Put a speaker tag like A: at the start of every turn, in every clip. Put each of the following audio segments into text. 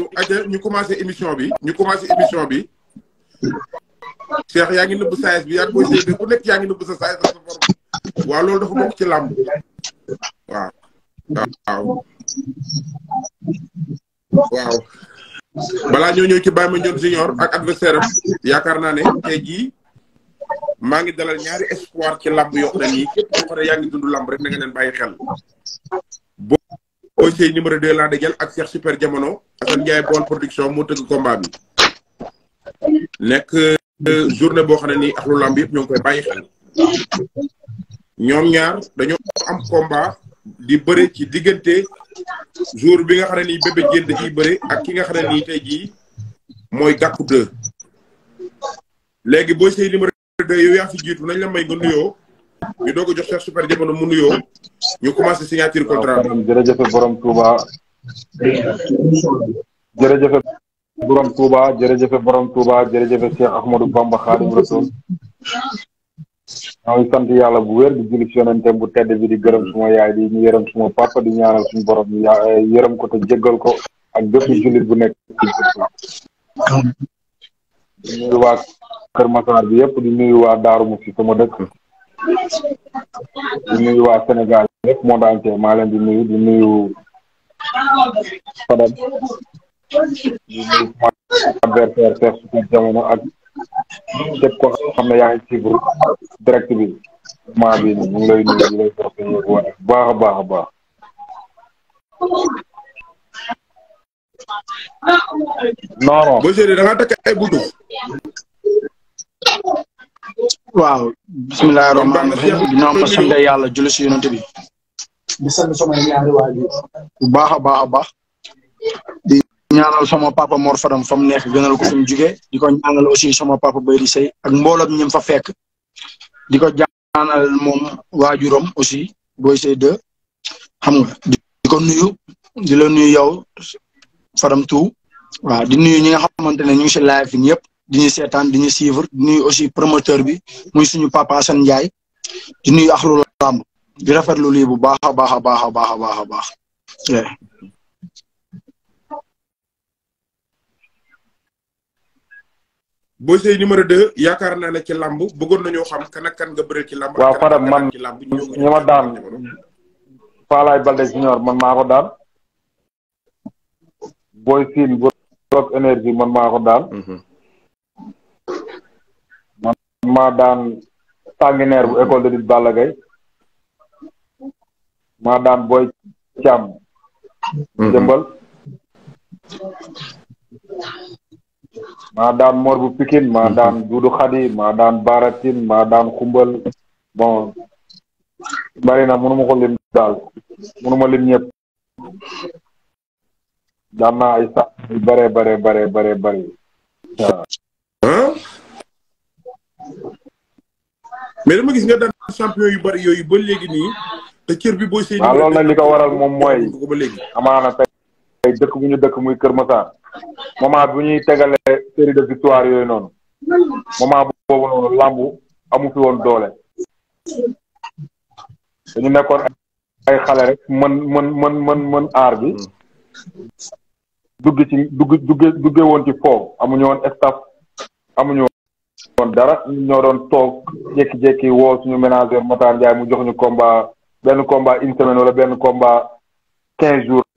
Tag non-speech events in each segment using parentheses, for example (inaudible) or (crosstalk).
A: gars yi aja ñu commencé émission bi ñu commencé émission bi Cheikh yaa ngi nëbb saes bi yaa ngi koy séedee ku wow. yaa ngi nëbb sa saes ak sa karena waaw loolu dafa bokk ci làmb waaw waaw waaw balaa ñoo ñëw ci Baye Mandione Junior ak adversaire am ngi dalal ñaari espoir ci képp ngi rek na nga xel Ousseyn numéro 2 laa dajal ak Cheikh Super Jamono Assane Ndiaye bon production moo tëgg combat bi. nekk euh, journée boo xam ne nii ak lu lamb yëpp ñoo koy bàyyi xel. ñoom ñaar dañoo am combat di bëre ci diggante jour bi nga xam ne nii bébé jën da ciy bëre ak ki nga xam ne nii tey jii mooy gàkku 2. léegi boo sey numéro 2 yow yaa fi jiitu nañ la may nga nuyoo. ñu doog a jox Cheikh Super Diamono mu nuyoo ñu commencé signature contrat bi. jërëjëf borom Touba. jërëjëf borom Touba jërëjëf borom Touba jërëjëf Cheikh Ahmadou Bamba Xaadimu Rasuul. maa ngi sant yàlla bu wér bi julli ci yonenteem bu tedd bi di gërëm suma yaay di ñu yërëm suma papa di ñaanal suñu borom yërëm ko te jéggal ko ak bépp jullit bu nekk di nuyu waa Kër Masaar bi yëpp di nuyu waa Daaru Muxti sama dëkk. di nuyu waa Sénégal yëpp maa leen di nuyu di nuyu Fadam adversaire Cheikh Super Jamono ak képp xam ne yaa ngi suivre direct bi maa bi ni ngi lay nuyu di lay soxla yëpp waaye baax a baax
B: a baax non waaw bisimilah rahmaani rahiim di naan sant yàlla julli si yonent bi. di sant sama ñaari bu baax a baax a baax. di ñaanal sama papa Mor faram fa mu nekk gënal ko fi mu jugee di ko aussi sama papa Bayri Sey ak mbooloom ñi fa fekk. di ko ñaanal moom waajuram aussi Boy Sey 2 xam nga ko nuyu di la nuyu yow Fadam tout waaw di nuyu ñi nga xamante ne ñu ngi si live ñëpp. di seetaan di ñuy suivre aussi promoteur bi muy suñu papa Assane Ndiaye di nuyu axlu làmb di rafetlu lii bu baax a baax a baax a baax a baax a baax.
A: Boy Seye numéro 2 yaakaar naa ne ci làmb bëggoon nañoo xam kan ak kan nga bëreel ci làmb. waaw Fadam man ñi ma daan Faalaay Balde Junior man maa ko daan. Boy Sine bu Rock énergie man maa ko ma daan sanguinaire bu école de lutte Balla daan Boy Thiam. Mm-hmm. jëmbal maa daan Mor bu Pikine maa mm-hmm. daan Dudu Xadi maa daan Baratine maa daan Xumbal bon bari na mënuma ko lim daal mënuma lim ñëpp daan ay sax yu bare bare bare bare bare waaw mais dama gis nga daan champion yu bari yooyu ba léegi nii te cër bi booy. seen waaw lool na li ko waral moom mooy. ba léegi amaana tey dëkk bu ñu dëkk muy Kër Massar. moment bu ñuy tegalee série de victoire yooyu noonu. moment boobu noonu làmbu amu fi woon doole. dañu nekkoon ay xale rek mën mën mën mën mën aar bi. Hmm. dugg ci dugg dugge woon ci foofu amuñu woon staff amuñu kon dara ñoo doon toog jékki-jékki woo ñu ménageur Matar Ndiaye mu jox ñu komba benn combat une semaine wala benn komba quinze jours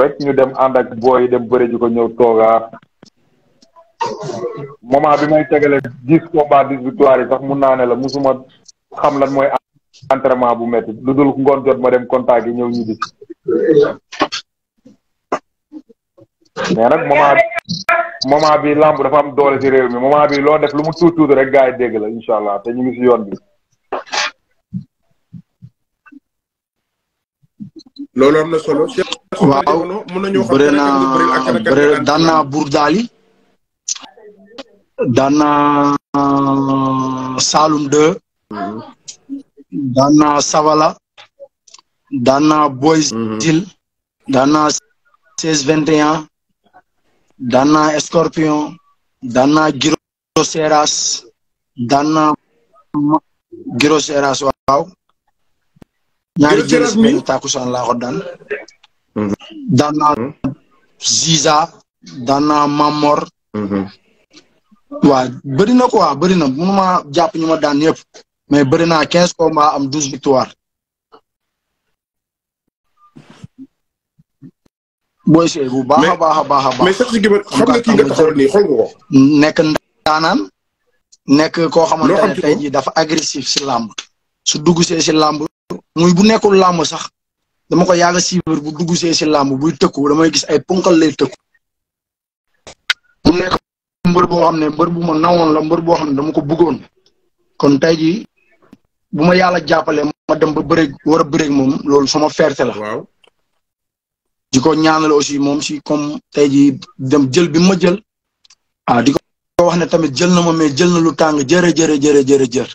A: rek ñu dem ànd ak booy dem bëri ji ko ñëw toogaa moment bi may tegale dix combat dix victoire yi sax mun naa ne la musuma xam lan mooy entraînement bu métti lu dul ngoon jot ma dem contact yi ñëw ñu mais nag moment moment bi lamb dafa am doole ci réew mi moment bi loo def lu mu tuut tuut rek gars yi dégg allah te ñu ngi si yoon bi. loolu am na solo.
B: waaw bëri naa bëri daan naa Bourdaali. daan naa euh, Saloum 2. Mhm. daan naa Savala. daan naa Boy mhm. daan naa Scorpion mhm. daan naa Giro mhm. Seras daan naa Giro Seras waaw. daan. daan naa Ziza daan Mamor. Mhm. waaw bëri na quoi bëri na mënuma jàpp ñu ma daan yëpp mais bëri naa quinze combats am douze victoire. booy seey bu baax a baax a baax a baax. mais Cheikh Tidiane Guèye xam nga kii nga taxaw ko. nekk ndaanaan nekk koo xamante ne tey dafa agressif si làmb. su dugg see si làmb. muy bu nekkul làmb sax dama ko yàgg si biir bu dugg see si làmb buy tëkku damay gis ay ponkal lay tëkku. mu nekk mbër boo xam ne mbër bu ma nawoon la mbër boo xam ne dama ko bëggoon. kon tey jii bu ma yàlla jàppale ma dem ba bëreeg war a bëreeg moom loolu sama fierté la. diko ñaanal aussi mom ci comme tey dem jël bi ma jël ah di wax ne tamit jël na ma mais jël na lu tang jere, jërë jërë jërë jër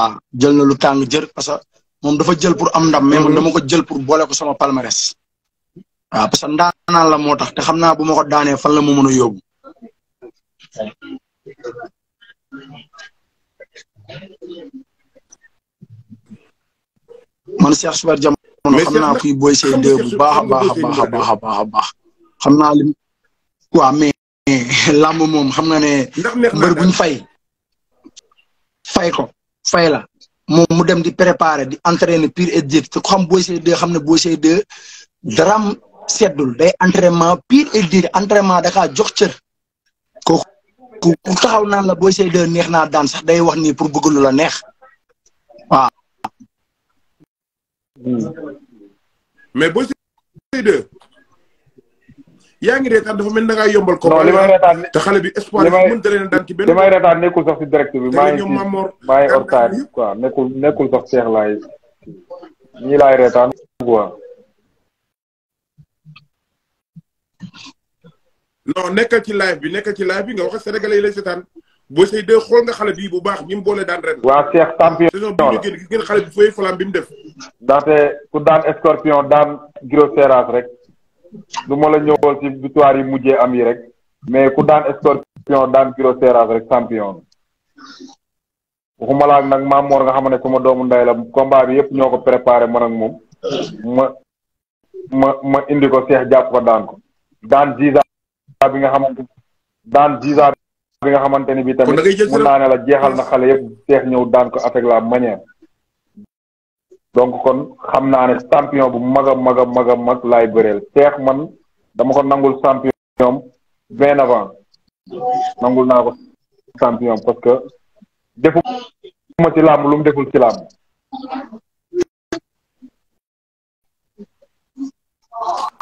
B: ah jël na lu tang jër parce que mom dafa jël pour am ndam mais man dama ko jël pour bolé ko sama palmarès ah parce que ndana la motax te xamna bu mako ko daanee fan la mo mën yobbu man Cheikh mais xam naa kuy Boy Seye 2 bu baax a baax a baax a baax a xam naa lim. waaw moom xam nga ne. mbër buñ fay. fay ko fay la moom mu dem di préparer di entraîner pure et dure te ko xam Boy Seye 2 xam ne Boy Seye 2 day entraînement pure et dure entraînement dakaa jox cër. kooku ku taxaw naan la Boy Seye 2 neex naa daan sax day wax nii pour bëgg lu la neex waaw. Mm.
A: mais boo siy deux yaa ngi reetaan dafa mel ni da yombal. ko li may reetaan te xale bi espoir bi mënut a leen daan ci benn. li may reetaan nekkul sax si direct ci maa nekkul nekkul sax seex laay ñii laay reetaan quoi. nekkal ci live bi nekkal ci live bi nga wax ak sénégalais yi lay seetaan. boo say dee xale bii bu baax ñi boole daan ren. waaw Cheikh champion la saison gis def. ndaxte ku daan Scorpion daan Gros Seras rek du ma la ñëwal ci victoire yi mujjee am yi rek mais ku daan Scorpion daan Gros Seras rek champion. waxuma la ak nag maam Mor nga xama ne sama doomu ndey la combat bi yëpp ñoo ko préparé man ak moom ma ma ma indi ko Cheikh jàpp ko daan ko daan Ziza bi nga xamante daan Ziza. bi nga xamante ni bi tamit mun naa ne la jeexal na xale yëpp seex ñëw daan ko avec la manière donc kon xam naa ne champion bu mag a mag a mag a mag laay bëreel seex man dama ko nangul champion vingt avant nangul naa ko champion parce que defuma ci làmb lu mu deful ci làmb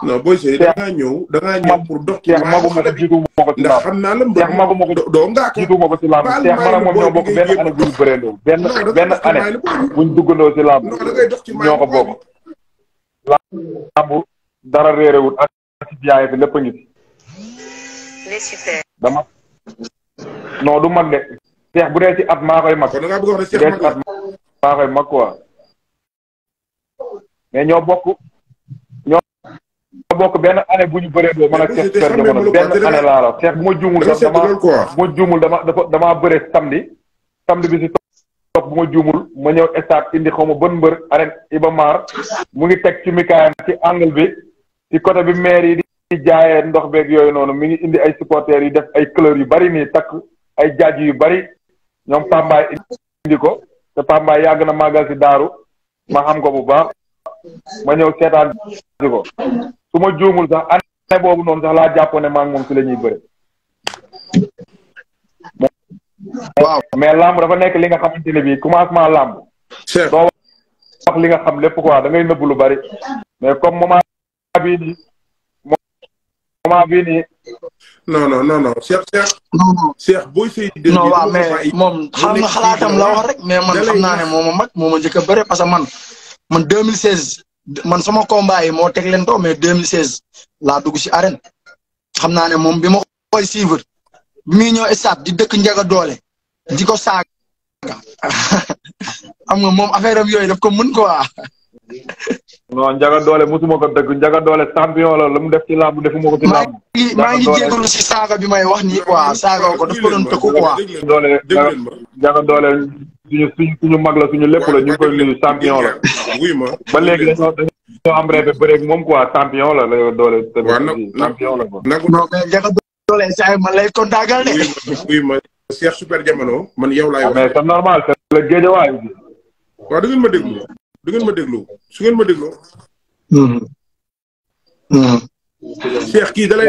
A: non booy sey da nyu ñëw da ngaa ñëw pour dox ci maamu xale bi ndax xam naa la mbër seex magu ma ko doo ngaa ko jigu ma ko si lamb seex ma ak ñoo bokk benn année bu ñu bëreendoo benn benn année lamb ñoo ko bokk lamb dara ak biyaay bi dama non du mag de seex bu dee ci at maa koy mag dee koy mag quoi mais ñoo bokk ma bokk benn année bu ñu bëree doo man ak Cheikh Super Jamono benn année laa la Cheikh bu ma juumul sax dama bu ma juumul dama dafa damaa bëree samedi samedi bi si topp bu ma juumul ma ñëw stade indi xaw ma ban mbër arène Iba Mar mu ngi teg ci mikaayam ci angle bi ci côté bi maire yi di jaayee ndox beeg yooyu noonu mi ngi indi ay supporters yi def ay couleurs yu bari nii takk ay jaaj yu bari ñoom Pambaay indi ko te Pambaay yàgg na màggal si daaru ma xam ko bu baax ma ñëw seetaan ji ko su ma juumul sax année boobu noonu sax laa jàppoo ne maa moom si la ñuy bëre. mais làmb dafa nekk li nga xamante ne bii commencement làmb. doo li nga xam lépp quoi da ngay nëbb lu bari. mais comme moment bii nii moment bii nii. non non non non moom xalaatam la wax rek mais man xam naa
B: ne moom a mag moom a njëkk a bëre parce man 2016 man sama combat yi mo teg leen ko mais 2016 la dugg ci arène xamna né mom bima koy suivre bi muy ñëw stade di dëkk ñaga doole diko saga (laughs) am nga mom affaire am yoy daf ko mën quoi. (laughs)
A: non ñaga doole mosuma ko dëgg ñaga doole champion la lu mu def ci làmb defuma ko ci làmb. ma ngi jégalu
B: ci saga bi may wax ni quoi saga ko daf ko doon tëkku quoi.
A: ñaga doole suñu suñ suñu mag la suñu lépp la ñu ngi koy nuyu champion la. oui ma ba léegi dañoo dañoo am rêve bëreeg moom quoi champion la la doole. tamit champion la quoi. non mais jaka lay kontaagal de. oui ma Cheikh Super Jamono man yow laay ah, wax. mais c'est normal c'est le géejawaay bi. waaw du ngeen ma déglu du ngeen ma déglu su ngeen ma déglu.
C: Hmm. Hmm.
A: Cheikh kii da lay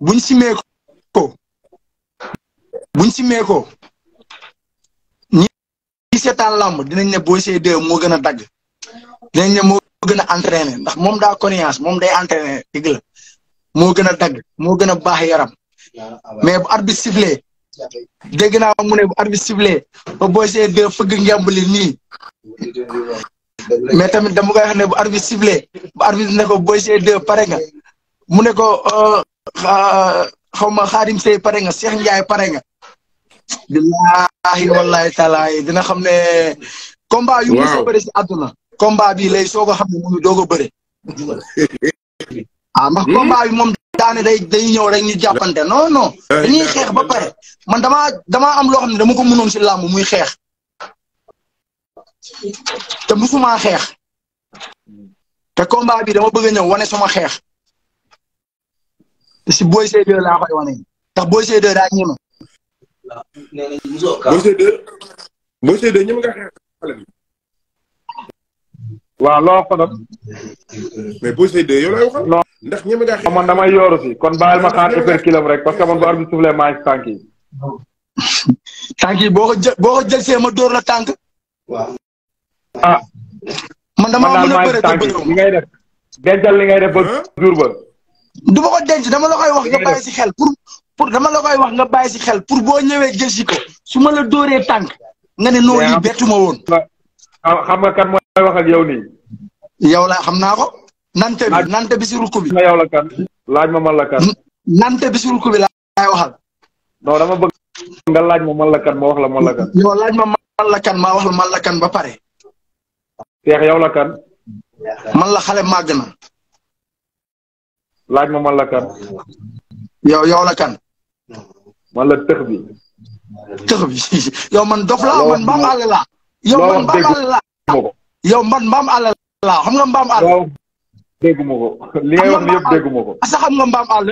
B: buñ simee ko buñ simee ko ñi seetaan làmb dinañ ne Boy Seye 2 moo gën a dagg dinañ ne moo gën a entraîné ndax moom daa connaissance moom day entraîné dëgg moo gën a dagg moo gën a baax yaram mais bu arbitre sifflé dégg naa mu ne bu arbitre sifflé ba Boy Seye 2 fëgg ngemb li nii tamit dama koy wax ne bu arbitre sible bu arbitre ne ko Boy Seye 2 pare nga mu xaw ma xaadim sey pare nga Cheikh Ndiaye pare nga. billaahi wallaahi taalaa dina xam ne. combat yu mos si àdduna. combat bi lay soog a xam ne mënu doog a bëri. ah ndax hmm? combat bi moom daane day day ñëw rek ñu jàppante non non. Eh, dañuy eh, xeex ba eh. pare man damaa dama am loo xam ne dama ko mënoon si làmb muy xeex. te musuma xeex. te combat bi dama bëgg a ñëw wane sama xeex. te si Boy Seye 2 laa koy wane ndax Boy Seye 2 daa ñeme.
A: waaw loo ko mais Boy Seye non ndax ñeme damay yooru si kon bàyyil ma xaar uppercut rek parce que man bu arbitre soufflé maa ngi (laughs) tànk
B: yi. boo ko jël boo ma dóor la tànk.
A: waaw. ah. man a bëre te bëriwul man daal li
B: ngay def dencal li ngay def ba jour ba. du ma denc dama la koy wax nga bàyyi si xel pour pour dama la koy wax nga baay si xel pour bo ñëwee jël si ko su ma la dóoree tànk nga ne noo lii bettu ma woon. Ah, xam wax ak yow nii. yow la xam
A: naa ko. nante bi nante bi si bi. yow la kan laaj ma man la kan. nante bi si rukk dama bëgg laaj ma man la kan wax la man la kan. laaj ma man
B: ma wax la man ba pare. Seex yow la kan. man la xale màgg na. laaj ma man la kan. yow yow la kan. man la tëx bi. tëx bi (laughs) yow man dof laa man mbaam àll laa. yow man mbaam àll laa. xam nga mbaam àll. waaw déggu ma ko li ngay wax ni yëpp déggu ma xam nga mbaam àll.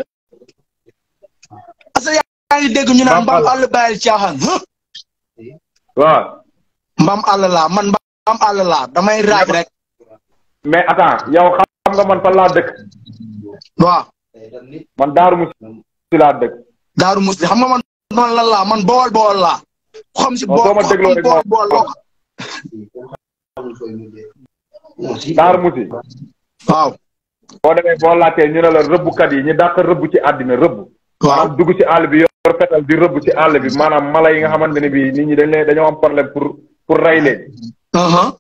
B: asa yaa ngi dégg ñu naan mbaam àll bàyyil caaxaan. waaw. mbaam àll laa man mbaam àll laa damay raaj rek.
A: mais attends yow xam nga man fan laa dëkk. waaw. man Darou Moussi laa
B: dëkk. Darou Moussi xam nga man laa man bool bool laa. xam si bool bool bool loo
A: Darou waaw. boo demee boo laajtee ñu ne la rëbbkat yi ñu dàq rëbb ci àddina rëbb. waaw dugg ci àll bi yor fetal di rëbb ci àll bi maanaam mala yi nga xamante ni bii nit ñi dañ leen dañoo am problème pour pour rey leen. Uh-huh.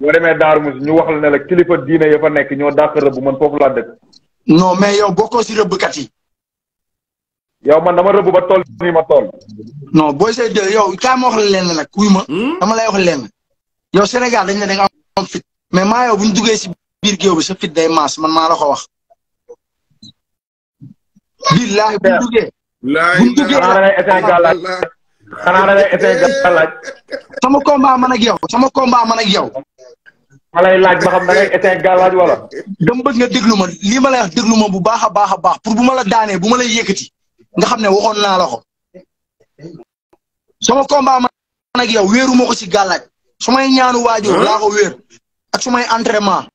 A: boo demee Darou Moussi ñu wax la ne la kilifa diine ya fa nekk ñoo dàq rëbb man foofu laa dëkk. non mais yow bokkoo si rëbbkat yi. yow man dama rëbb ba tool nii ma tool. non booy say dé yow kaa ma wax la lenn
B: hmm? dama lay wax lenn. yow Sénégal dañ ne da nga fit mais maa yow bu ñu duggee si biir géew bi sa fit day maas man maa la ko wax. billahi bu ñu duggee. laay bu duggee eh, sama combat man ak yow sama combat man ak yow
A: ma lay laaj ba xam da ngay éteint galaaj wala.
B: dama bëgg nga déglu ma lii ma lay wax déglu ma bu baax a baax a baax pour bu ma la daanee bu ma lay yëkkati nga xam ne waxoon naa la ko. sama combat man ak yow wéeru ma ko si gàllaaj su may ñaanu waajur laa ko wéer ak su entraînement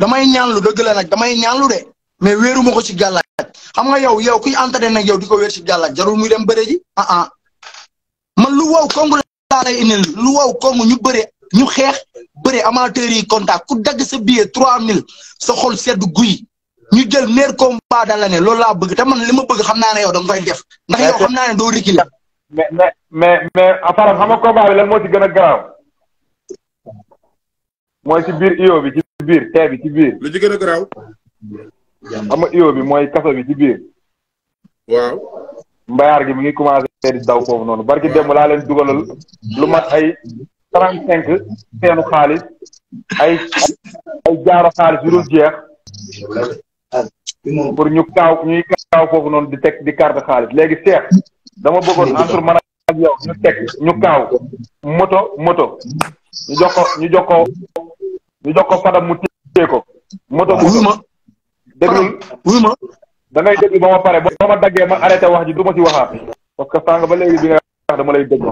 B: damay ñaanlu dëgg la nag damay ñaanlu de mais wéeru ma ko si gàllaaj xam nga yow yow kuy entraîné nag yow di ko wéer si gàllaaj jarul muy dem bëre ji ah ah man lu wow kongu laa lay indil lu kongu ñu bëre ñu xeex bëre amateurs yi contact ku dagg sa biir billet 3000 sa xol sedd guy ñu jël meilleur combat da la ne loolu laa bëgg te man li ma bëgg xam naa ne yow da nga koy def. ndax yow xam naa ne doo mais mais mais mais Fara
A: xam moo ci gën a mooy ci biir io bi biir bi ci biir. lu ci gën a garaaw. xam nga bi mooy kaso bi ci biir. mbayaar gi mi ngi commencé di daw foofu noonu barki démb laa leen dugalal lu mat ay. trente cinq seenu xaalis ay ay jaaro xaalis yu dul jeex pour ñu kaaw ñu kaaw foofu noonu di teg di carte xaalis léegi seex dama bëggoon entre man ak yow ñu teg ñu kaaw moto moto ñu jox ko ñu jox ko ñu jox ko fadam mu téye ko moto mu ma déglul da ngay déglu ba ma pare ba ma daggee ma arrêté wax ji du ma ci waxaat parce que sànq ba léegi bi nga dama lay dégg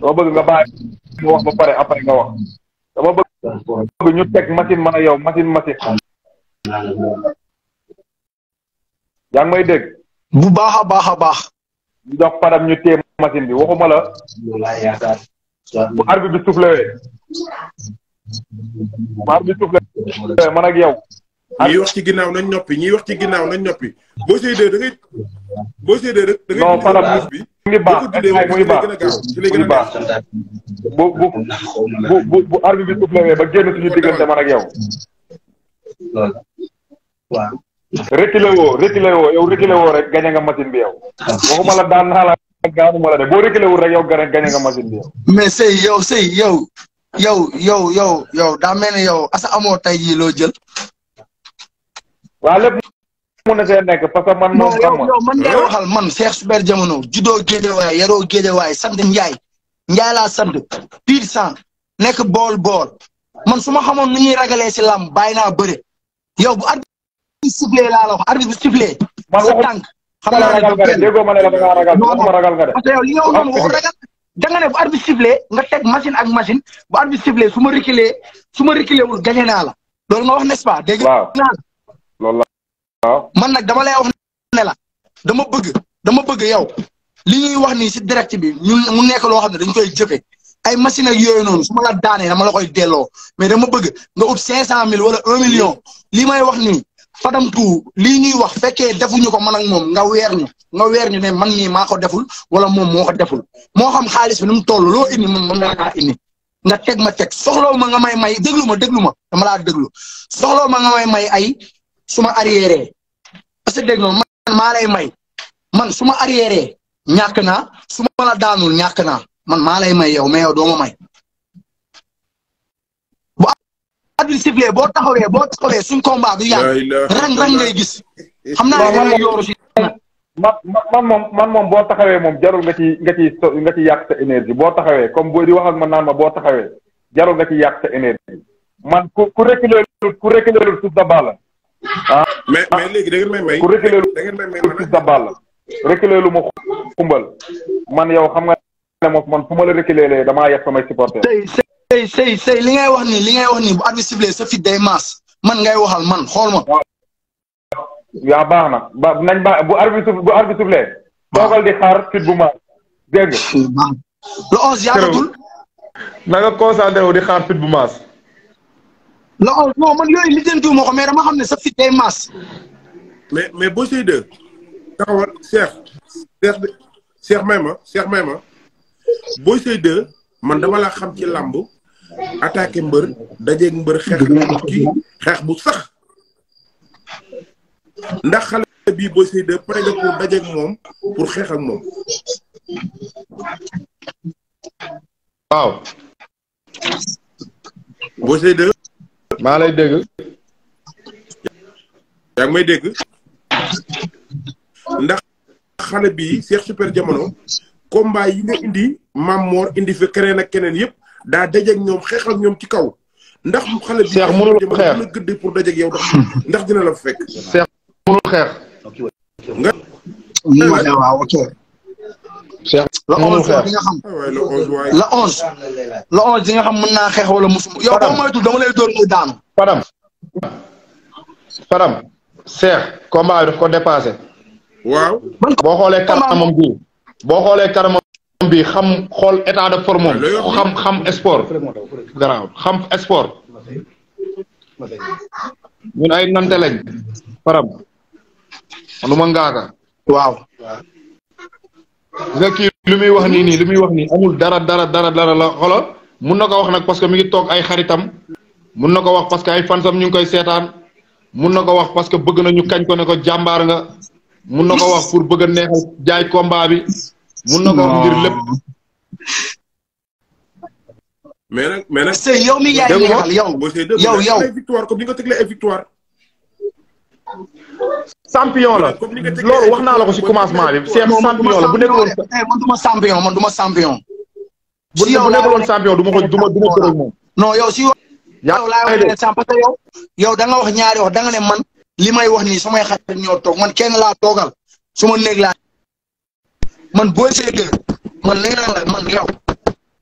A: dama bëgg nga bàyyi mu wax ba pare après nga wax dama bëgg ñu teg machine man a yow machine machine yaa may dégg bu baax a baax a baax ñu dox param ñu téye machine bi waxuma la bu arbitre bi soufflé bu arbitre bi soufflé man ak yow ñiy wax ci ginnaaw nañ ñoppi ñiy wax ci ginnaaw nañ ñoppi boo see dee da ngay da ngay. non faram bi ngi baax muy baax muy baax bu bu bu bu bu bi soufflé ba génn suñu diggante man ak yow. waaw. reculé woo woo yow reculé woo rek gañe nga bi yow. waxuma la daan naa la gaanuma la boo reculé wul rek yow gañe nga machine bi yow.
B: mais sëy yow sëy yow yow yow yow yow daa mel ni yow asa amoo tey jii loo jël. waa lépp mun na see nekk parce que man. moom xam nga man ngay waxal man Cheikh Super Diamono juddoo Géejawaay yaroo Géejawaay sant Njaay Njaay laa sant pire sang nekk bool bool man su ma xamoon nu ñuy ragalee si làmb bàyyi naa bëre yow bu arbitre bi sifflé laa la wax arbitre bi sifflé. man waxu naa ragal nga de déggoo ma ne la da ngaa li nga wax noonu ragal da ne bu arbitre sifflé nga teg machine ak machine bu arbitre sifflé su ma reculé su ma reculé wul gañe naa nga wax n'est-ce man nag dama lay wax ne la dama bëgg dama bëgg yow li ñuy wax nii si direct bi ñu mu nekk loo xam ne dañ koy jëfe ay machine ak yooyu noonu su ma la daanee dama la koy delloo mais dama bëgg nga ut cinq cent mille wala un million li may wax ni Fadam tu lii ñuy wax fekkee defuñu ko man ak moom nga weer ñu nga weer ñu ne man mii maa ko deful wala moom moo ko deful moo xam xaalis bi nu mu toll loo indi man mën naa indi nga teg ma teg soxla ma nga may may déglu ma déglu ma dama laa déglu soxla ma nga may may ay suma arrière parce que dégg nga man maa lay may man suma ma arriéré ñàkk naa su ma la daanul ñàkk naa man maa lay may yow mais yow doo ma may. bu arbitre boo taxawee boo taxawee suñ combat du rang rang ngay gis. xam naa ne dangay yóoru man
A: man moom man moom boo taxawee moom jarul nga ci nga ci nga ci sa énergie boo taxawee comme boo di wax ak man naan ma boo taxawee jarul nga ci yàq sa énergie man ku ku reculer ku reculer suuf da mais mais léegi da ngeen may may. ku reculer lu da ngeen may may man sa ma xumbal man yow xam nga ne moom man ma la reculer lee damaa yegg samay supporter. tey
B: tey tey li ngay wax nii li ngay wax nii bu admissible sa fit day maas man ngay waxal man xool ma. yaa baax na ba nañ ba bu arbitre bu arbitre
A: lee. toogal di xaar fit bu maas dégg nga. le onze yàggatul. na nga concentré wu di xaar fit bu maas.
B: non non man yooyu lijjantiw ma ko mais dama xam ne sa fit day maas.
A: mais mais boo siy dee. taxawal ma Cheikh may ma. boo siy man dama la xam ci làmb attaqué mbër dajeeg mbër xeex bu sax. ndax xale bii boo siy dee pare nga pour dajeeg moom pour xeex moom. waaw. boo siy maa lay dégg. yaa may dégg. ndax xale bi Cheikh Super Jamono combat yi nga indi maam moor indi fi keneen ak keneen yëpp daa dajeeg ñoom xeex ak ñoom ci kaw ndax xale bi. Cheikh mënul xeex jamono dina gëdd pour dajeeg yow ndax dina la fekk. Cheikh mënul
B: xeex. Cheikh la onze di nga xam
A: ah la onze
B: la onze di nga xam mën xeex wala musuma yow dama lay dóor muy daanu param
A: param Cheikh combat bi daf ko dépassé waaw boo xoolee bi boo xoolee karamam bi xam xool état de forme xam xam sport garaaw xam sport ñun ay nante lañ param nu ma ngaaka waaw Zaki lu muy wax nii nii lu muy wax nii amul dara dara dara dara la xoolal mun na ko wax nag parce que mi ngi toog ay xaritam mun na ko wax parce que ay fansam ñu ngi koy seetaan mun na ko wax parce que bëgg nañu kañ ko ne ko jàmbaar nga mun na ko wax pour bëgg a neexal jaay combat bi. mun na ko wax ngir lépp. mais nag mais nag. sëñ yow mi yaay neexal yow. yow yow
B: champion la loolu wax naa la ko si commencement bi. Cheikh champion la bu nekkul woon. man du ma eh, man du ma champion. si yow laa duma champion ko du ma du moom. non yow si yow. yow laa wax ne parce yow. yow wax ñaari wax da ne man. li may wax nii samay xarit ñoo toog man kenn laa toogal su ma néeg laa. man booy seede man nee la man yow.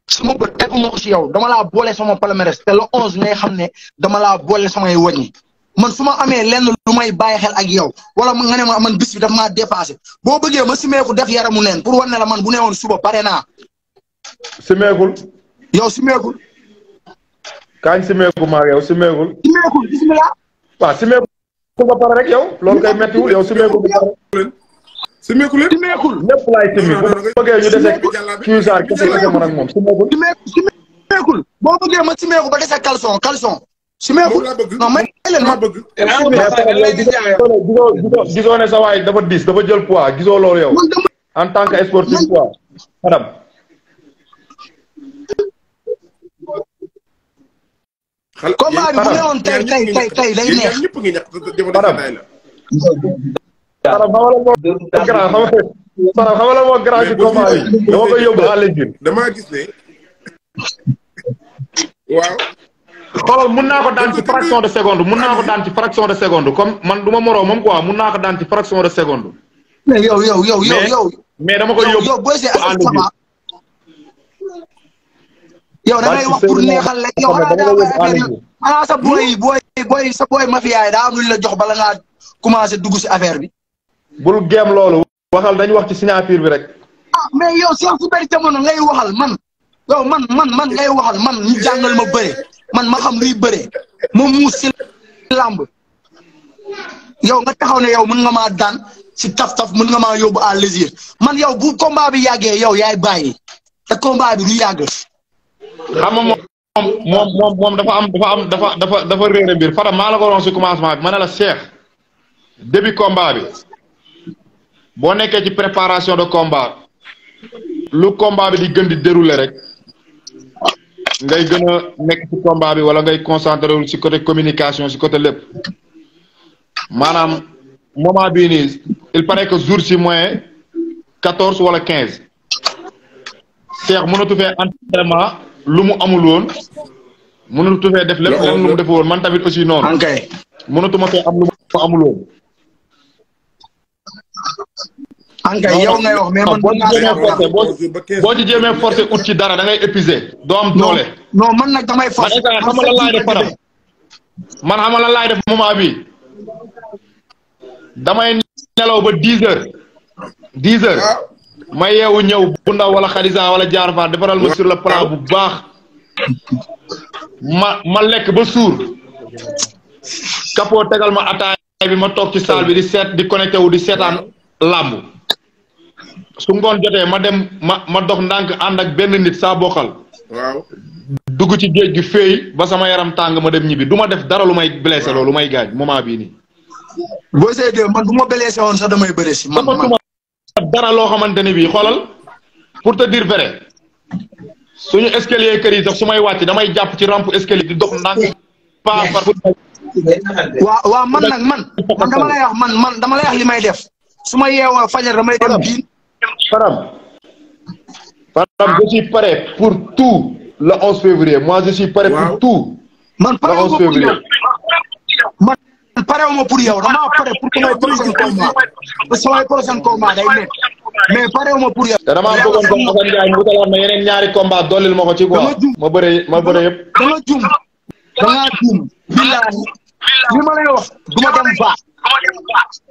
B: suma bët tegu ma ko si yow dama laa boole sama palmarès te le onze ngay xam ne dama laa boole samay wàññi. man su ma amee lenn lu may bàyyi xel ak yow wala nga ne ma man bis bi daf maa dépassé boo bëggee ma simeeku def yaramu neen pour wan ne la man bu newoon suba pare naa. simeekul. yow simeekul. kaañ simeeku maa yow simeekul. simeekul bisimilah.
A: waaw rek yow loolu kay méttiwul yow simeeku ba pare. simeekul lépp lépp laay simi bu bëggee ñu dese kii saar kese kese man ak moom simeekul.
B: simeekul boo bëggee ma simeeku ba dese caleçon caleçon. si mais non may leen ma bëgg.
A: gisoo gisoo ne sa waay dafa diis dafa jël poids gisoo loolu yow. en tant que sportif quoi madame.
C: xale combat bi bu ne woon tey tey tey tey day neex.
A: xamal ma grand grand ci combat bi dama koy (laughs) xoolal mun naa ko daan ci fraction de seconde mun naa ko daan ci fraction de seconde comme man du ma moroo yow yow yow yow
B: mais dama koy yóbbu yow booy see affaire saba. yow da ngay wax pour neexal la yow xanaa daa koy affaire xanaa la jox bala ngaa commencé dugg si affaire bi. bul géem loolu. waxal dañu wax ci signature bi rek. ah mais yow Cheikh Super jamono ngay waxal man. yow man man man ngay waxal man ñu jàngal ma bëre man ma xam luy bëre ma muus si làmb yow nga taxaw ne yow mën nga maa daan si taf-taf mën nga maa yóbbu à lésir man yow gu combat bi yàggee yow yaay bàyyi te combat bi du yàgg. xam nga moom moom dafa am dafa am dafa dafa dafa réere mbir Fara maa la ko si
A: commencement bi ma ne la Cheikh début combat bi boo nekkee ci préparation de combat lu combat bi di gën di dérouler rek. Gè genè mèk pou konbabi wè la gè yi konsantre ou si kote komunikasyon, si kote lep. Manan, mou mabini, el parek zour si mwen, 14 wè la 15. Sè ak mounou tou fè anterma, loun moun amouloun. Mounou tou fè def lep, loun moun def ou, man ta vit osi non. Mounou tou mou anterma, anterma amouloun. ankay yow ngay wax mais man boo ci jéemee forcé boo ci jéemee forcé ut ci dara dangay ngay doom doo am doole man nag damay forcé man xamal la laay def faram man bi damay nelaw ba dix heures dix heures ah. ma yeewu ñëw bu ndaw wala xalisa wala jaar fa defaral ma sur le plan bu baax ma ma lekk ba suur kapoo tegal ma ataay bi ma toog ci salle bi di seet di connecté wu di seetaan làmb su ngoon jotee ma dem ma dox ndank and ak ben nit sa bokal waw dugg ci géej gi feey ba sama yaram tang ma dem ñibi duma def dara lu may blessé lolu may gaaj moment ni
B: bo sey de man duma blessé won sa damay bëri ci man duma
A: dara lo xamanteni bi xolal pour te dire vrai suñu escalier keri sax su may damay ci rampe escalier di dox ndank pa par wa man nak
B: man man dama lay wax man man dama lay wax limay def suma ma fajar damay dem Param. Param, je suis prêt pour tout
A: le 11 février. Moi, je suis prêt pour tout man, le 11 février.
B: Man, parewuma pour yow dama pare pour samay prochain combat samay prochain combat day nekk mais parewuma pour yow. te damaa bëggoon comme Assane Ndiaye mu taloon ma yeneen ñaari combat dollil ma ci quoi. ma bëre ma bëre yëpp. dama juum dama juum. billaahi li ma lay wax duma dem baax.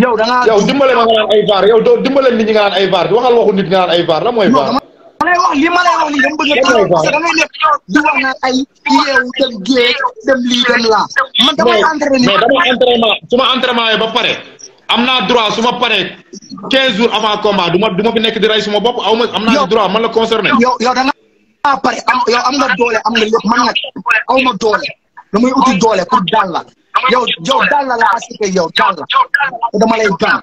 B: yow da ngaa. yow dimbale ma nga naan ay vaar yow doo
A: dimbale nit ñi nga naan ay vaar waxal waxu nit nga naan ay vaar la mooy vaar. ma
B: lay wax li ma lay wax nii dama bëgg a taxaw parce que da ngay nekk di wax naan ay yeewu dem géej dem lii dem laa. man damay entraîné mais damay
A: entraînement su ma entraînement yi ba pare am naa droit su ma paree 15 jours
B: avant combat du ma du ma fi nekk di rey suma bopp aw ma am naa droit man la concerné. yow yow da nga pare am yow am nga doole am nga lépp man nag aw ma doole damay uti doole pour daan la. Yo, yo, dal na la asike yow dal la te dama lay gaañ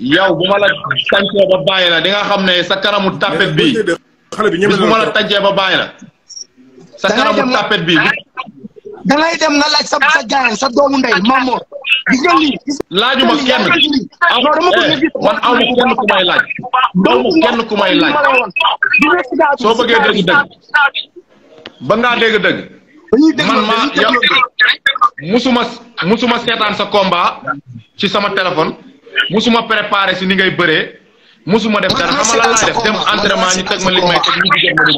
A: yow bu ma la tàncee ba bàyyi la di nga xam sa kanamu tapet bi bis bu ma la tàncee ba bàyyi la sa kanamu tapet bi
B: da ngay dem nga laaj sa sa jaayam sa doomu ndey Mamor gis nga lii laajuma kenn aw ah, eh, man aw ma kenn ku may laaj aw ma kenn ku may laaj soo
A: bëggee dégg dëgg ba ngaa dégg dëgg man ma yow musuma musuma seetaan sa combat ci sama téléphone musuma préparé si ni ngay bëree musuma def dara xam nga lan laay def dem entraînement ñu teg ma li teg ñu jigéen ma li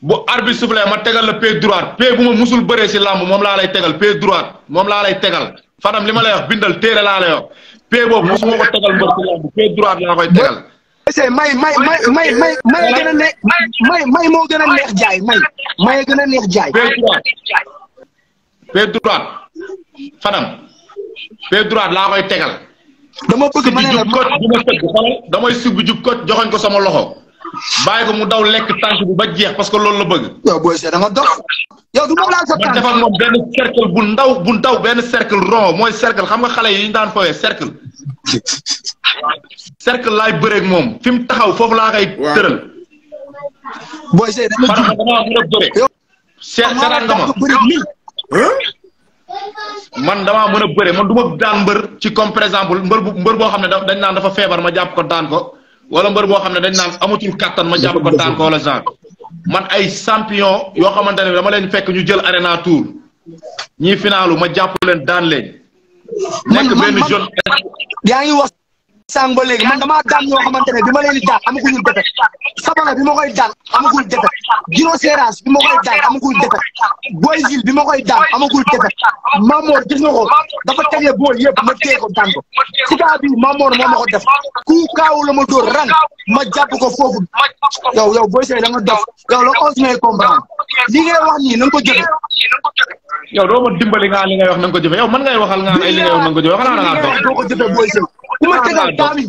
A: bu arbitre sifflé ma tegal la pied droite pied bu ma musul bëree si làmb moom laa lay tegal pied droite moom laa lay tegal Fadam li ma lay wax bindal téere laa lay wax pied boobu musuma ko tegal mbër si làmb pied droite laa koy tegal
B: essayé may may may may may may gën a ne may may moo gën a neex jaay may may gën a neex jaay. pied droit Fadam pied droit laa koy
A: tegal. dama bëgg ma ne la damay sub jub ko joxoñ ko sama loxo. bàyyi ko mu daw lekk tànk bu ba jeex parce que loolu la bëgg. yow booy dox. yow du ma laal sa tànk ma moom benn cercle bu ndaw bu ndaw benn cercle rond mooy cercle xam nga xale yi ñu daan fowee cercle. (laughs) cercle laay bëreeg moom fi mu taxaw foofu laa koy tëral. booy seey dama ji man damaa mën a man du ma daan mbër ci comme par exemple mbër mbër boo xam ne dañ naan dafa feebar ma jàpp ko daan ko wala mbër boo xam ne dañ naan amatul kàttan ma jàpp ko daan ko wala genre man ay champion yoo xamante ne dama leen fekk ñu jël arena tour ñii finaalu ma jàpp leen daan leen. man man man
B: yaa ngi sang ba léegi man damaa daan ñoo xamante ne bi ma leen di daan amaguñu defet sabala bi ma koy daan amaguñu defet Gino Seras bi ma koy daan amaguñu defet Boy Zil bi ma koy daan amaguñu defet Mamor gis nga ko dafa tege bool yëpp ma téye ko daan ko si kaa bi Mamor moo ma ko def ku kaaw la ma dóor ran ma jàpp ko foofu yow yow Boy Seye da nga dof yow la onze ngay comprendre li ngay wax nii na nga ko jëfe yow doo ma dimbali nga li ngay wax na nga ko jëfe yow man ngay waxal nga ay li ngay wax na nga ko jëfe waxal naa la nga doo ko jëfe Boy Seye li ma tegal temps bi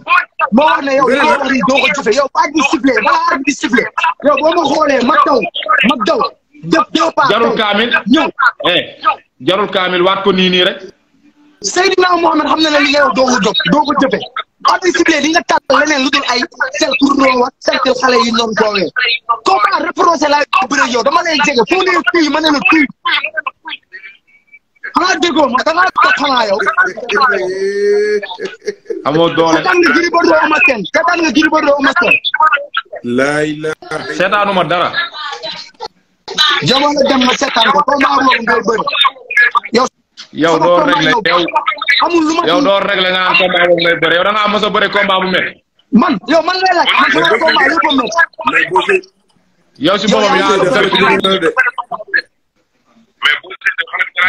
B: ma wax ne yow li ma wax nii doo yow ba di sifflé balaa yow boo ma xoolee ma daw ma daw jarul kaamil ñëw eh, jarul kaamil waat ko nii rek Seydina Mohamed xam na ne li nga yow doo ko jóg doo ko jëfee at nga tàll leneen lu dul ay sel pour roowaat sertel xale yi noonu yow dama ma ne la tuy xanaa déggoo ma da ngaa toog xanaa doole seetaan nga Gris Bordeaux Eumeu
A: Sène dara.
B: jamono dem nga seetaan ko combat boobu ngay bëri.
A: yow yow doo réglé yow.
B: amul lu ma yow doo réglé
A: a bëri combat bu
B: man yow man lay man sama combat yëpp a
A: métti. yow si boppam yaa ngi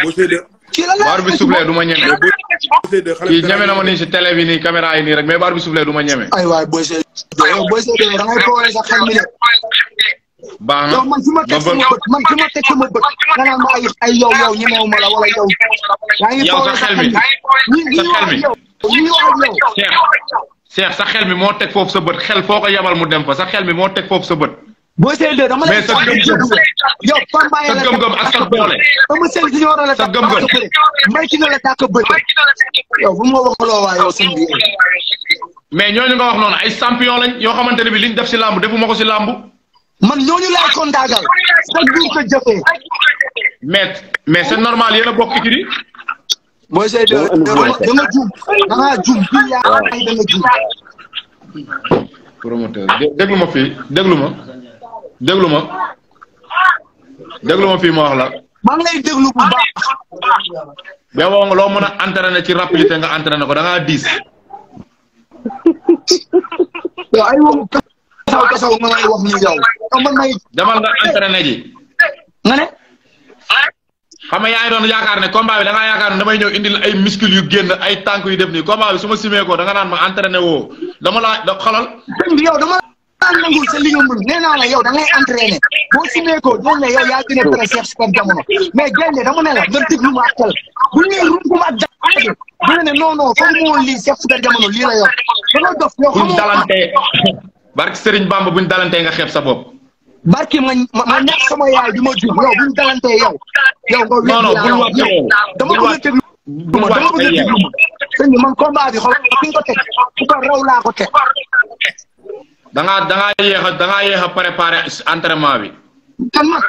A: boo séedee baar bi soufflé du ma ñeme. kii ñeme na ma nii si télé bi nii caméra yi nii rek mais baar bi soufflé du ma ñeme. aywaay booy séedee yow booy séedee da ngay foowee sa xel mi de.
B: baax na man fi ma teg sama bët man fi ma teg sama bët nga naan ma ay ay yow yow ñemewu ma la wala yow. yow sa xel mi sa xel mi ñi ñi wax ak yow. Cheikh
A: Cheikh sa xel mi moo teg foofu sa bët xel foo ko yabal mu dem fa sa xel mi moo
B: teg foofu sa bët. boo seen dama lay yow combat yi la sa bëri Eumeu Sène si waroon la tàkk bëri Mbaye la tàkk bëri yow bu ma waxaloo waa yow seen bi mais ñooñu nga wax noonu ay champion lañ yoo xamante ne bi liñ def si làmb defuma ko si làmb man ñooñu laay kontaagal chaque jour ko jëfee
A: mais mais normal yéen a bokk écurie booy sey da juum da juum bi yaa déglu ma fii déglu ma déglu ma déglu ma wax la.
C: maa ngi lay déglu bu baax.
A: mais moom loo mën a entraîné ci rapidité nga entraîné ko da ngaa
B: diis. waaw ay moom kasaw kasaw nga may wax ni yow. man may demal nga entraîné ji. nga ne.
A: xam nga doon yaakaar ne combat bi da ngaa yaakaar damay ñëw indil ay muscles yu ay yu def combat bi ko da nga ma dama
B: yow dama waaw nangul sa li nga mën nee naa la yow da ngay entraîné boo simee doon ne yow yaa gën a pare chef super jamono mais gaynde dama ne la nga déglu ma ak xel bu ñu nee ruum ak jamono bi ne non la yor da nga dof yow xamoo dalantee
A: barki Serigne Bamba buñ dalantee nga xeeb sa bopp.
B: barki ma ma ñàkk sama yaay bi ma jur buñ dalantee yow. yow nga wér yow non non a ma dama a déglu ma nga ko teg laa ko da ngaa da ngaa yéex
A: a yéex a préparé entraînement bi.
B: kan man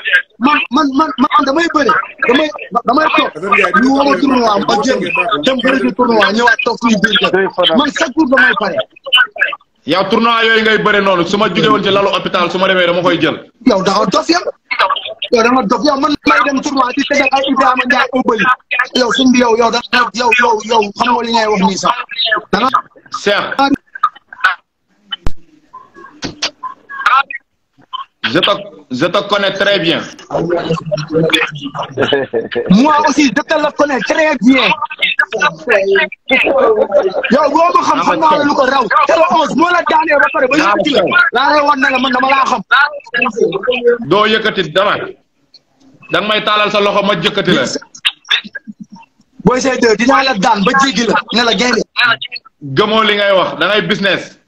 B: man man man damay bëri damay damay toog ñu woo ma tournoi ba jënd dem bëri ci tournoi ñëwaat toog suñu biir man chaque jour damay pare.
A: yow tournoi yooyu ngay bëri noonu su ma jugee woon ci lalu
B: hôpital suma demee dama koy jël. yow da nga dof yow yow da nga dof yow man may dem tournoi di tëgg ay Ibrahima yow yow yow da yow yow yow xam nga li
A: Je te, je te connais très bien.
B: Moi aussi, je te la très bien. yow boo ma xam xam naa la lu ko raw te la onze moo la daanee ba pare la la wan na la man dama laa xam. doo
A: yëkkati dama danga may taalal sa loxo ma jëkkati la.
B: booy say deux la daan ba jéggi la la génne.
A: gëmoo li ngay wax da ngay business.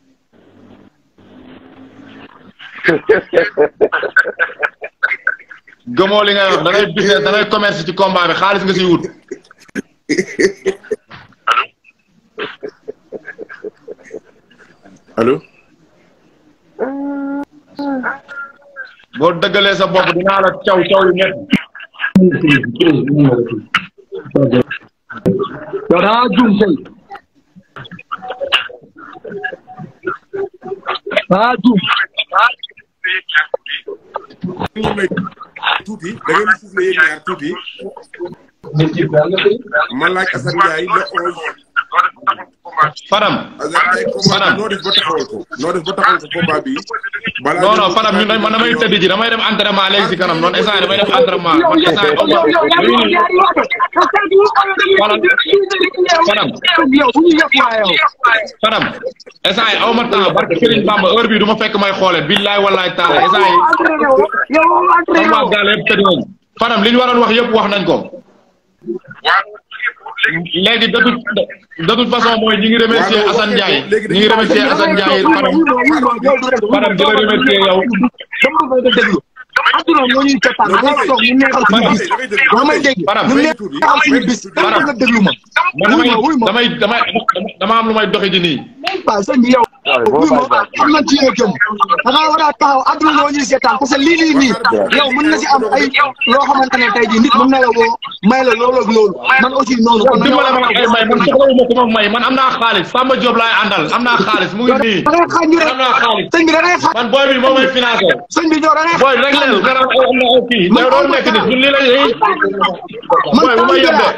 A: (laughs) gëmoo li ngay wax da ngay business commerce ci combat xaalis nga siy wut. allo. boo dëggalee sa bopp dinaa la caw caw yu métti.
B: yow da ngaa juum
A: tuuti da ngeen suuf yéen ñaar tuuti ma laaj Assane Ndiaye le onze Fadam. Fadam noo def ba taxawal ko noo def ba taxawal ko combat bi. non Fadam ñun man damay tëdd ji damay dem entraînement léegi si kanam noonu instant damay def entraînement man instant Fadam Fadam instant yi aw ma temps barke Serigne du ma fekk may xoole billaay wallaay taala instant yi. Fadam liñ ñu waroon wax yëpp wax nañ ko. léegi de toute de toute façon mooy ñi ngi remercier Assane Ndiaye ñi ngi remercier Assane Ndiaye param param di la remercier
C: yow.
B: param moo ñuy toppaat damay toog mu neexal suñu bis damay dégg mu neexal suñu bis dama la déglu ma damay damay dama am lu may doxe ji nii waaw sëñ yow wuy ma am na ci yow jëm da ngaa war a taxaw àdduna moo ñuy seetaan parce que lii nii nii yow mën na si am ay loo xamante ne tey jii nit mën na la may la loolu ak loolu. man aussi noonu. kon ma may man am naa xaalis Samba Diop laay àndal am naa xaalis mu ngi nii. am naa xaalis sëñ bi da ngay xaaj. man booy bi moo may financé. sëñ bi ñoo da na kii. man loolu nekk ni bu lii la booy bu ma yëndee.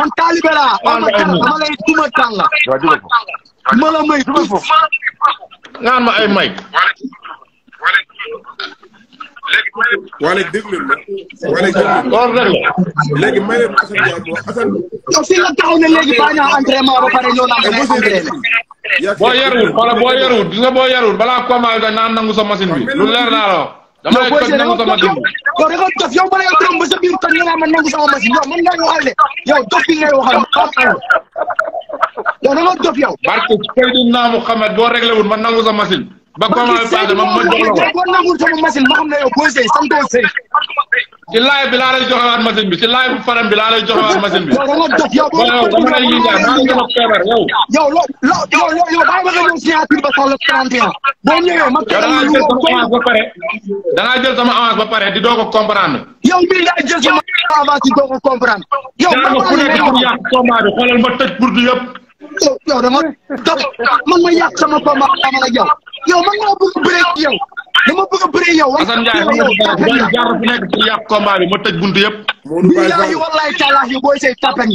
B: man taalibe laa dama lay may duma foofu. léegi déglu leen ma wala déglu leen
A: ma léegi may leen Assane Ndiaye bu wax Assane. yow fii la taxaw ne léegi baa ñaa entraînement ba pare ñoo naan ngay entraîné.
B: boo yarul wala boo yarul
A: gis nga boo yarul balaa combat dañ naan nangu sa machine bi lu leer naa la dama lay toj nangu sama machine bi.
B: yow da nga dof yow bala yow tërëm ba sa biir toj nga naa ma nangu sama machine yow man ngay waxal de yow dof bi ngay waxal yow da nga
A: dof yow. barke Seydina Muhammad boo réglé wul ma nangu sa machine. ba combat bi ma ma jox la
B: ko nangul sama machine ma xam ne yow booy sëy samtoo sëy
A: ci live bi laa lay joxewaat machine bi ci live bu faram bi laa lay joxewaat machine bi. yow dama dof yow dama lay yi jaay maa ngi doon feebar yow.
B: yow loo loo yow yow yow bàyyi ma nga ñëw signature ba soxla 31. boo ñëwee ma tëral ma lu ma ko yow da ngaa jël sama avance ba pare di doo ko comprendre. yow mii daa jël sama avance di doo ko comprendre. yow ma ko fu nekk pour yàq combat bi xoolal ma tëj pour di yëpp. yow dama dof man ma yàq sama combat dama la yow. yow man maa bëgg a bëree ak yow dama bëgg a bëree yow. Assane Ndiaye ma nekk jaar fi
A: nekk ci yàq combat bi ma tëj buntu yëpp. billaahi
B: wallaahi taalaahi yow booy say nga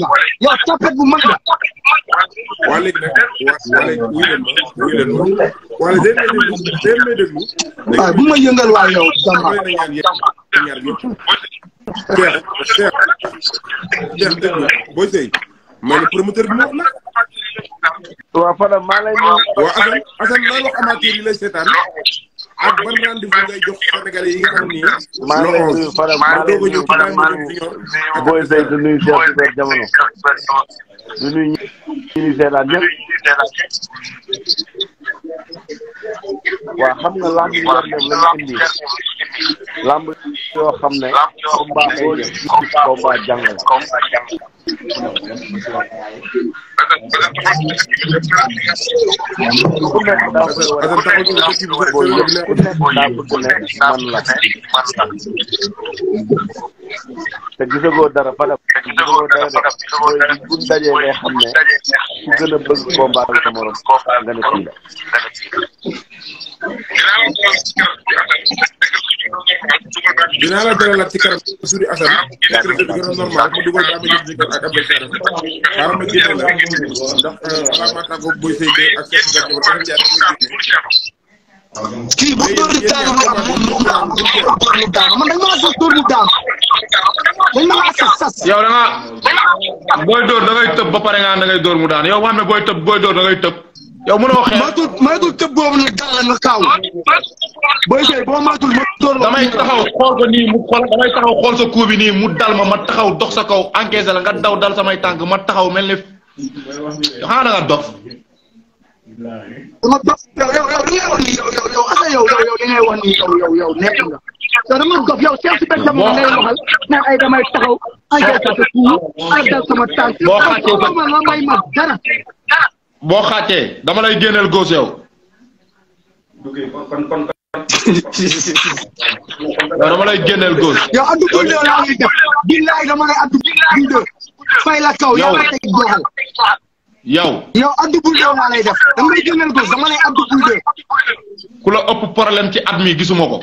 B: yow tapet bu mag la. waa may déglu dañ may bu ma yëngal waa yow. Cheikh Cheikh
A: Cheikh dégg nga booy say. waaw Fadam maa lay nuyu. waaw Assane Assane looy wax amateur yi lay seetaan ak ban rendez-vous ngay jox Sénégalais yi nga xam ni. maa ngi lay nuyu Fadam maa ngi lay nuyu Fadam maa ngi nuyu
B: Boy Seye di nuyu Cheikh Super Jamono di nuyu ñi ñuy seetaan
C: ñëpp.
B: waaw xam nga lamb yi yar moom
A: lañ indi lamb yoo xam ne combat ngay combat jàng la
B: ku nekk
A: daa
C: dinaa la dalal
A: ci kanam suuri asal nekk na gën a normal mu dugal ba amee jëf ak abel karam xaaral ma génne la ndax xaaral euh, ma tàggoog booy sëy de ak kees gàcce ba keneen jaar
B: kii bu dóor di daanu lu am moom la am bu dóor di daanu man dañ ma sas dóor di daanu dañ ma sas sas yow da nga
A: booy dóor da ngay tëb ba pare nga da ngay dóor mu daan yow boo xam ne booy tëb booy dóor da ngay tëb yow mënoo xeex
B: matul matul tëb boobu nag daal la nga kaaw. booy
A: seey boo matul ma toll. damay taxaw xool ko nii mu taxaw xool sa kuu nii mu dal ma ma taxaw dox sa kaw encaissé la nga daw dal samay tànk ma taxaw mel ni xanaa da nga dof.
B: ay damay taxaw encaissé sa kuu ak dal sama tànk. boo xaatee sa ma may ma dara.
A: boo xàccee dama lay génneel góos yow. kon kon dama lay génneel góos.
B: yow addu bu ñëw laa lay def. billaay dama lay addu bu ñëw. fay la kaw def. dama lay génneel góos dama lay addu bu ñëw. ku la ëpp problème ci at mi gisuma ko.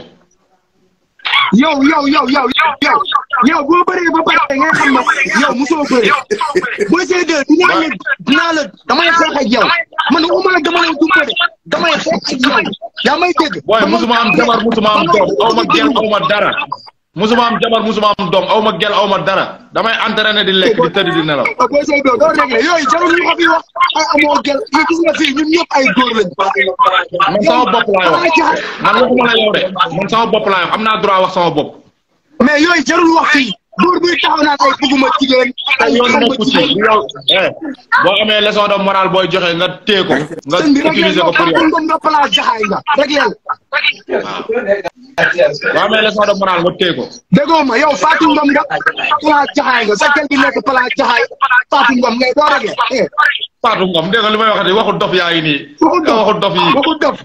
B: yow yow yow yow yow yow boo bëree ba pare nga xam ne yow mosoo bëree boo see dee dinaa la dinaa la damay xeex ak yow man waxuma dama lay dugg de damay xeex ak yow yaa may dégg. booy musuma am jabar
A: musuma am doom aw ma génn aw ma dara. musuma am jabar musuma am doom aw ma gel aw ma dara damay entraîné di lekk di tëdd di nelaw.
B: Ah, booy sooy doo doo réglé yooyu jarul ñu ko ah, ay góor lañ. man sama bopp laay wax man waxuma la bopp laay wax am naa droit wax sama bopp. mais yooyu jarul wax fii. buur buy taxaw naa tey bëgguma jigéen.
A: ay yoon nekku ci yow eh, booy joxe nga téye ko. nga utiliser ko pour yow. boo
B: amee
A: leçon de morale nga téye ko.
B: déggoo ma yow Fatou Ngom nga place jaxaay nga sa kër gi nekk place jaxaay Fatou Ngom ngay doo rek eh.
A: Fatou Ngom dégg nga li may waxati waxul dof yaa ngi nii. waxul dof yi waxul dof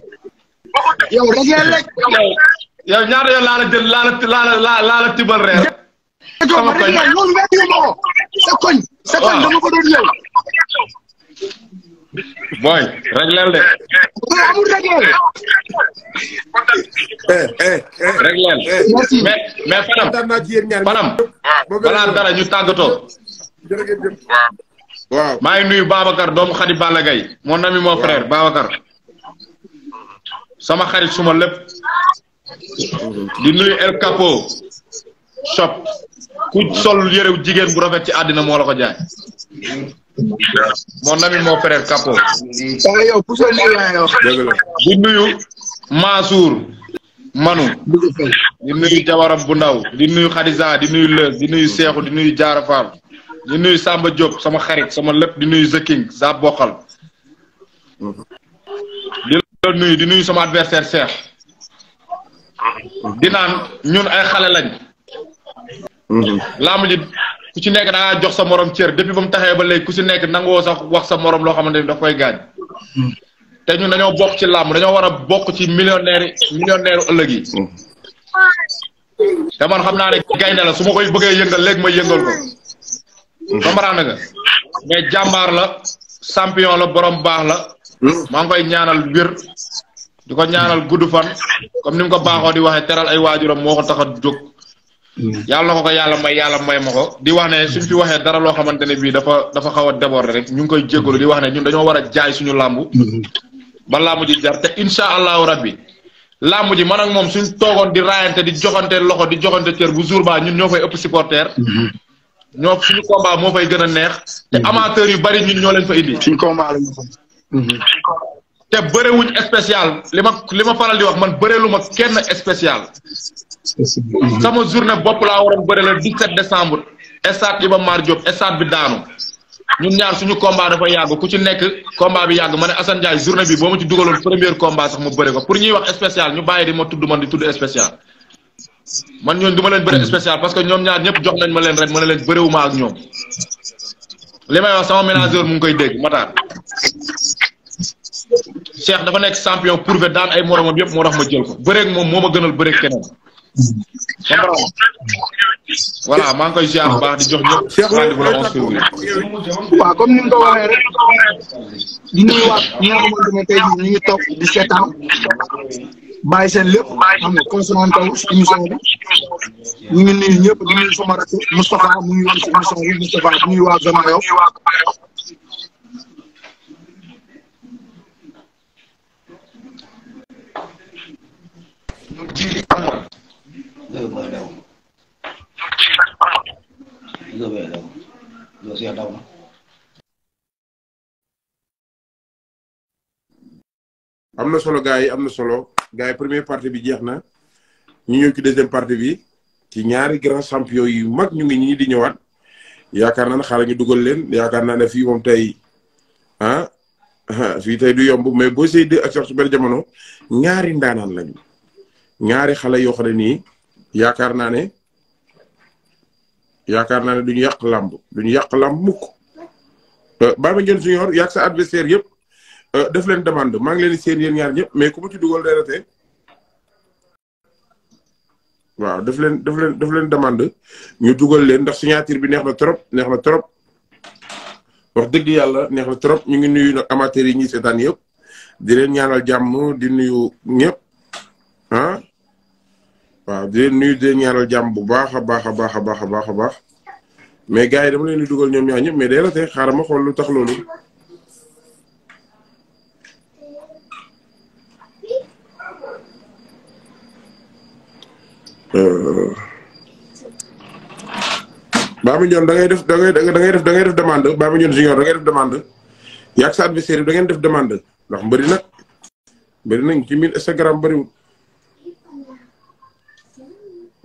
A: yow rek yow ñaata la tibal reer. sama eh, eh,
B: eh, koñ ma sa koñ. sa koñ dama ko doon
C: booy réglel de.
A: booy amul réglel. réglel. dara ñu tàggatoo. waaw maa ngi nuyu Babacar doomu xarit Balla Gaye mon ami mon frère Babacar. sama xarit suma lépp. Mm-hmm. di nuyu El Capo. shop ku sol yërew jigéen bu rafet ci àddina moo la ko jaay. mon ami mon frère Capo. bu soobee yow. dëgg la di nuyu Mansour Manu. di nuyu jabaram bu ndaw di nuyu Khadija di nuyu Lëz di nuyu Seexu di nuyu Jaara Faal di nuyu Samba Diop sama xarit sama lépp di nuyu Zeking sa bokkal. di la nuyu di nuyu sama adversaire Cheikh. di ñun ay xale lañ. Mm-hmm. lamb ji ku ci nek da ngaa jox sa morom cieur depuis bam taxé ba lay ku ci nek nango sax wax sa morom lo xamanteni da koy gañ mm-hmm. té ñu dañoo bok ci lamb dañoo wara bok ci millionnaire millionnaire ëlëg yi. Mm-hmm. te man xamna rek gañ na la suma koy bëggé yëngal léegi ma yëngal ko. comprendre nga mais jambar la champion la borom baax la. ma ngoy ñaanal bir diko ñaanal comme nim ko di waxe teral ay wajuram moko taxat Hmm. yàlla ko ko yàlla may yàlla may ma ko di wax ne suñ fi waxee dara loo xamante ne bii dafa dafa xaw a déborder rek ñu ngi koy jégalu di wax ne ñun dañoo war a jaay suñu làmb hmm. ba làmb ji jar te incha allahu rabbi làmb ji man ak moom suñu toogoon di raayante di joxante loxo di joxante cër bu jour ba ñun ñoo fay ëpp supporter hmm. ñoo suñu combat moo fay gën a neex te amateur yu bari ñun ñoo leen fa indi suñu combat la ñu te bëre wuñ spécial li ma li ma faral di wax man bëre lu ma kenn spécial sama journée bopp laa waroon bëri la 17 décembre. bi Iba Mar Diop stade bi daanu ñun ñaar suñu combat dafa yàgg ku ci nekk combat bi yàgg ma ne Assane Ndiaye journée bi boo ma ci dugaloon premier combat sax mu bëri ko pour ñuy wax spécial ñu bàyyi di ma tudd man di tudd spécial. man ñooñu du ma leen bëri mm-hmm. spécial parce que ñoom ñaar ñëpp jox nañ ma leen rek ma ne leen bëriwuma ak ñoom li may wax sama ménageur mu ngi koy dégg Matar. Cheikh dafa nekk champion prouvé daan ay moromam yëpp moo tax ma jël ko bëreeg moom moo ma gënal bëreeg keneen. voilà maa ngi koy ziar bu baax di jox ñëpp.
B: waaw comme ni nga ko waxee rek di nuyuwaat ñi nga xamante ne tey jii ñu ngi toog di seetaan bàyyi seen lépp xam ne consommer taw si émission bi ñu ngi nuyu ñëpp di nuyu sama rakk Moustapha mu ngi woon si émission bi Moustapha di nuyu waa Gama yow.
C: ñu ji li amoon. amna
A: solo gaay amna solo gaay premier première partie bi jeexna ñu ñëw ci deuxième partie bi ci ñaari grand champion yu mag ñu ngi ñi di ñëwaat yaakaar na ne xaaral ñu duggal leen yaakaar na ne fii moom tey ah, ah fii tey du yomb mais boo sey di ak Cheikh Super Jamono ñaari ndaanaan lañu ñaari xale yoo xam ne nii yaakaar naa ne yaakaar naa ne duñu yàq làmb duñu yàq làmb mukk euh, Baba Diène Junior yàq sa adversaire yëpp euh, def leen demande maa ngi leen seen yéen ñaar ñëpp mais ku ma ci dugal dara rate waaw def leen def leen def leen demande ñu dugal leen ndax signature bi neex na trop neex na trop wax dëgg yàlla neex na trop ñu ngi nuyu nag amateurs yi ñuy seetaan yëpp di leen ñaanal jàmm di nuyu ñëpp ah waaw di leen nuyu di leen ñaanal jàmm bu baax a baax a baax a baax a baax a baax mais gars yi dama leen di dugal ñoom ñaar ñëpp mais day rate xaaral ma xool lu tax loolu. Euh. Baba Ndione da ngay def da ngay da ngay def da ngay def demande Baba junior da ngay def demande sa adversaire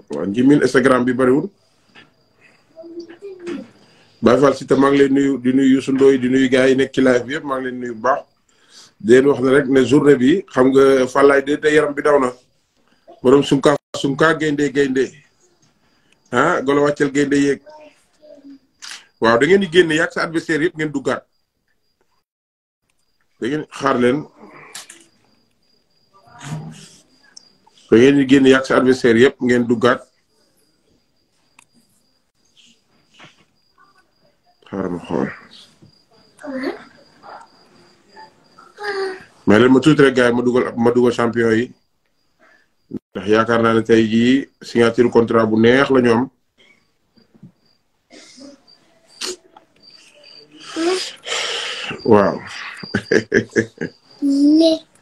A: waaw njimin Instagram bi bëriwul. Baye Fall Siteu maa ngi lay nuyu di nuyu Youssou Ndoye di nuyu gars yi nekk ci live bi yëpp ngi leen nuyu baax. di leen wax ne rek ne journée bi xam nga Fallaye de te yaram bi daw na. borom sunka sunka gaynde gaynde ah golo wàccel gaynde yeeg. waaw da ngeen di génne yàgg sa adversaire yëpp ngeen duggaat. da ngeen xaar leen da yeen ñu genn yak sa adversaire yépp ngeen duggaat xaaral ma xool mais leen ma tuuti rek gaay ma dugal ma dugal champion yi ndax yaakaar naa ne tey jii signature contrat bu neex la ñu waaw (laughs)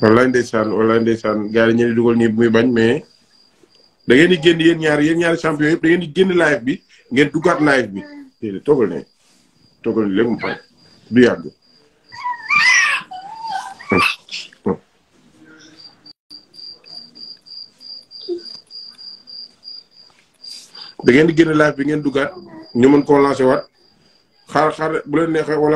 A: wallaay ndeysaan wallaay ndeysaan gaay ñi ñu ni muy bañ mais da ngeen di génn yeen ñaar yeen ñaari champion yëpp da ngeen di génn live bi ngeen duggaat live bi déedéet toogal ne toogal ne léegi mu fay du yàgg. da ngeen di génn live bi ngeen duggaat ñu mën koo lancer waat xar xar bu leen neexee wala.